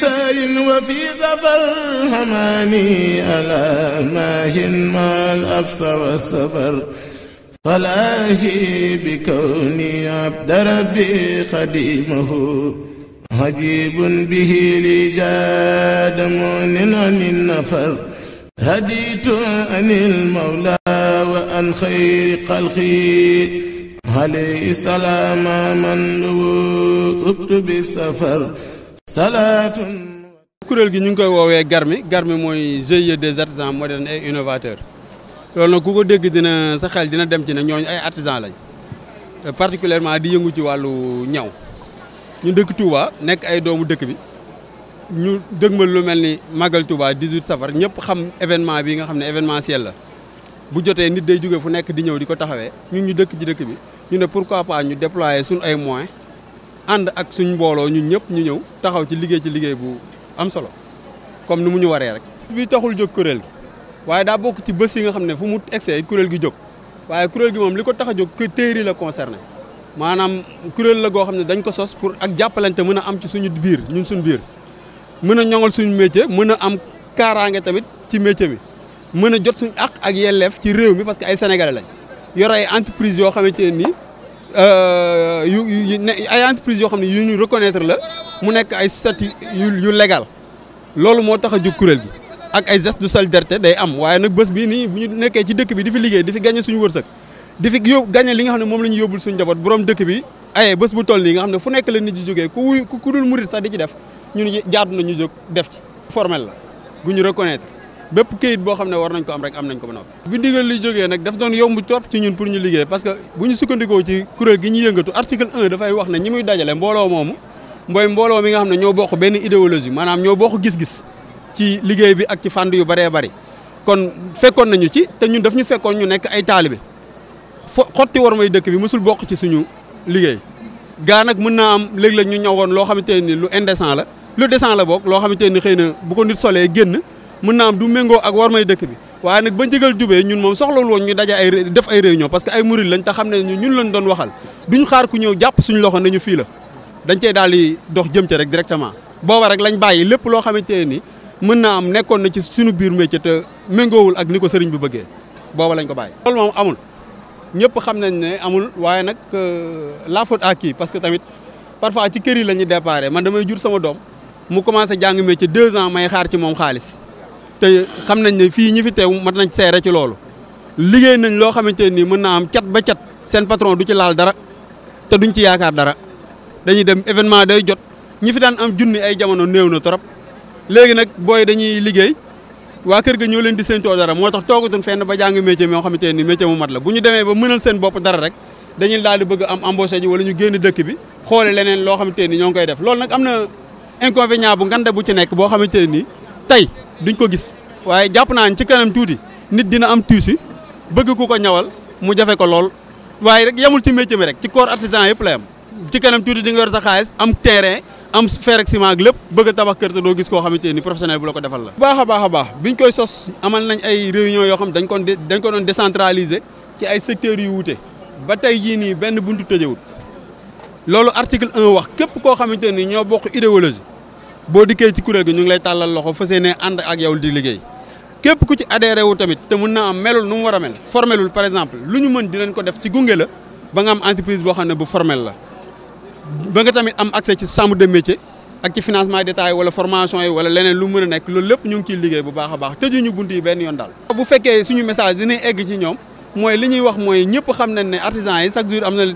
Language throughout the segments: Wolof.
سار وفي ظفر هماني ألا ماهن ما الأفس والسفر فلاهي بكوني عبد ربي خديمه عجيب به لي جاد مؤن عن النفر هديت عن المولى وعن خير خلقي عليه السلام من لو أبت بالسفر salaatun kuréel gi ñu ngi koy woowee GARMI GARMI mooy GIE des artisans modernes et innovateurs loolu nag ku ko dégg dina sa xel dina dem ci ne ñooñu ay artisans lañ particulièrement di yëngu ci wàllu ñaw ñu dëkk Touba nekk ay doomu dëkk bi ñu dëgmal lu mel ni Magal Touba 18 safar ñëpp xam événement bi nga xam ne événementiel la bu jotee nit day jóge fu nekk di ñëw di ko taxawee ñun ñu dëkk ci dëkk bi ñu ne pourquoi pas ñu déployer sun ay moins ànd ak suñ mbooloo ñu ñëpp ñu ñëw taxaw ci liggéey ci liggéey bu am solo comme ni mu ñu waree rek. bi taxul jóg kuréel gi waaye daa bokk ci bés yi nga xam ne fu mu egsee kuréel gi jóg waaye kuréel gi moom li ko tax a jóg que téeri la concerné maanaam kuréel la goo xam ne dañ ko sos pour ak jàppalante mën a am ci suñu biir ñun suñu biir mën a ñoŋal suñu métier mën a am kaaraange tamit ci métier bi mën a jot suñu ak ak yelleef ci réew mi parce que ay sénégalais lañ yor a entreprise yoo xamante nii Euh, yu yu ay entreprise yoo xam ne yu ñu reconnaître la mu nekk ay statut yu yu légal loolu moo tax a jóg kuréel gi ak ay geste de solidarité day am waaye nag bés bii nii bu ñu nekkee ci dëkk bi di fi liggéey di fi gagné suñu wërsëg di fi yób gagné li nga xam ne moom la ñu yóbbul suñu njaboot borom dëkk bi aye bés bu toll nii nga xam ne fu nekk la nit di jógee ku wuy ku dul murit sax di ci def ñu jaadu na ñu jóg def ci formel la gu ñu reconnaître bépp këyit boo xam ne war nañ ko am rek am nañ ko ba noppi bi ndigal li jógee nag daf doon yomb trop ci ñun pour ñu liggéey parce que bu ñu sukkandikoo ci kuréel gi ñu yëngatu article 1 dafay wax ne ñi muy dajale mbooloo moomu mooy mbooloo mi nga xam ne ñoo bokk benn idéologie maanaam ñoo bokk gis-gis ci liggéey bi ak ci fànn yu bëree bëri kon fekkoon nañu ci te ñun daf ñu fekkoon ñu nekk ay taalibe fo xotti war may dëkk bi mosul bokk ci suñu liggéey gaa mën naa am léeg-léeg ñu ñawoon loo xamante ni lu indécent la lu décent la bokk loo xamante ni xëy na bu ko nit solee génn mën naa am du méngoo ak war may dëkk bi waaye nag ba njëgal jubee ñun moom soxlawul woon ñu daje ay def ay réunion parce que ay murid lañ te xam ne ñun lañ doon waxal duñ xaar ku ñëw jàpp suñu loxo nañu fii la dañ cey daal di dox jëm ca rek directement booba rek lañ bàyyi lépp loo xamante nii mën naa am nekkoon na ci suñu biir métier te méngoowul ak ni ko sëriñ bi bëggee booba lañ ko bàyyi loolu moom amul ñëpp xam nañ ne amul waaye nag euh, la faute à qui parce que tamit parfois ci kër yi la ñuy déparé man damay jur sama doom mu commencé jàng métier deux ans may xaar ci moom xaalis te xam nañ ne fii ñi fi teew mat nañ seere ci loolu liggéey nañ loo xamante nii mën naa am cat ba cat seen patron du ci laal dara te duñ ci yaakaar dara dañuy dem événement day jot ñi fi daan am junni ay jamono néew na trop léegi nag booy dañuy liggéey waa kër ga ñëw leen di séentoo dara moo tax toogatuñ fenn ba jàng métier moo xamante ne nii métier mu mat la bu ñu demee ba mënal seen bopp dara rek dañuy daal di bëgg am embauché ji wala ñu génn dëkk bi xoole leneen loo xamante ni ñoo ngi koy def loolu am na inconvénient bu ngande bu ci nekk boo xamante nii tey duñ ko gis waaye jàpp naa ci kanam tuuti nit dina am tuuti bëgg ku ko ñawal mu jafe ko lool waaye rek yemul ci métier mi rek ci corps artisan yëpp la yem ci kanam tuuti di nga yor sa xaalis am terrain am fer ak ciment lépp bëgg tabax kër te doo gis koo xamante ni professionnel bu la ko defal la. baax a baax a baax biñ koy sos amal nañ ay réunion yoo xam dañ ko dañ ko doon décentraliser ci ay secteurs yu wuute ba tey jii nii benn buntu tëjewul loolu article 1 wax képp koo xamante ni ñoo bokk idéologie boo dikkee ci kuréel gi ñu lay tàllal loxo fas yéene ànd ak yow di liggéey képp ku ci adhéré wu tamit te mun naa am melul nu mu war a mel formelul par exemple lu ñu mën dinañ ko def ci gunge la ba nga am entreprise boo xam ne bu formel la ba nga tamit am accès ci chambre de métier ak ci financement détaillé wala formation yi wala leneen lu mën a nekk loolu lépp ñu ngi ciy liggéey bu baax a baax tëjuñu bunt yi benn yoon daal bu fekkee suñu message dina ñoom mooy li ñuy wax mooy ñëpp xam na lu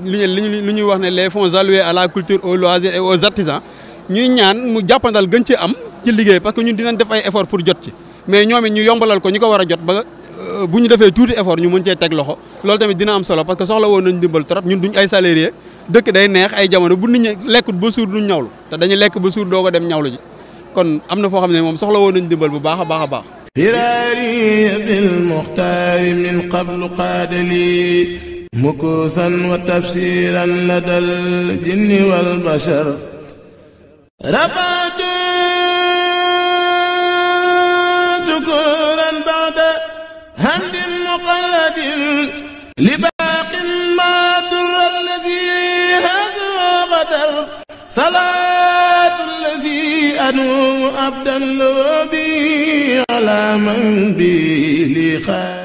ñuy lu wax ne les fonds alloués la culture aux loisirs et ñuy ñaan mu jàppandal gën ci am ci liggéey parce que ñun dinañ def ay effort pour jot ci mais ñoom ñu yombalal ko ñu ko war a jot ba euh, bu ñu defee tuuti effort ñu mën cee teg loxo loolu tamit dina am solo parce que soxla woon nañ dimbal trop ñun duñ ay salarié dëkk day neex ay jamono bu nit ñi lekkut ba suur duñ ñawlu te dañuy lekk ba suur doog a dem ñawlu ji kon am na foo xam ne moom soxla woon nañ dimbal bu baax a baax a baax firaari bil muxtaar min qablu qaadali mukusan wa tafsiran ladal jinni wal bashar رفعت شكورا بعد همد مقلد لباق ما در الذي هذا غدر صلاة الذي أنوم أبدا لو بي على من بي لخير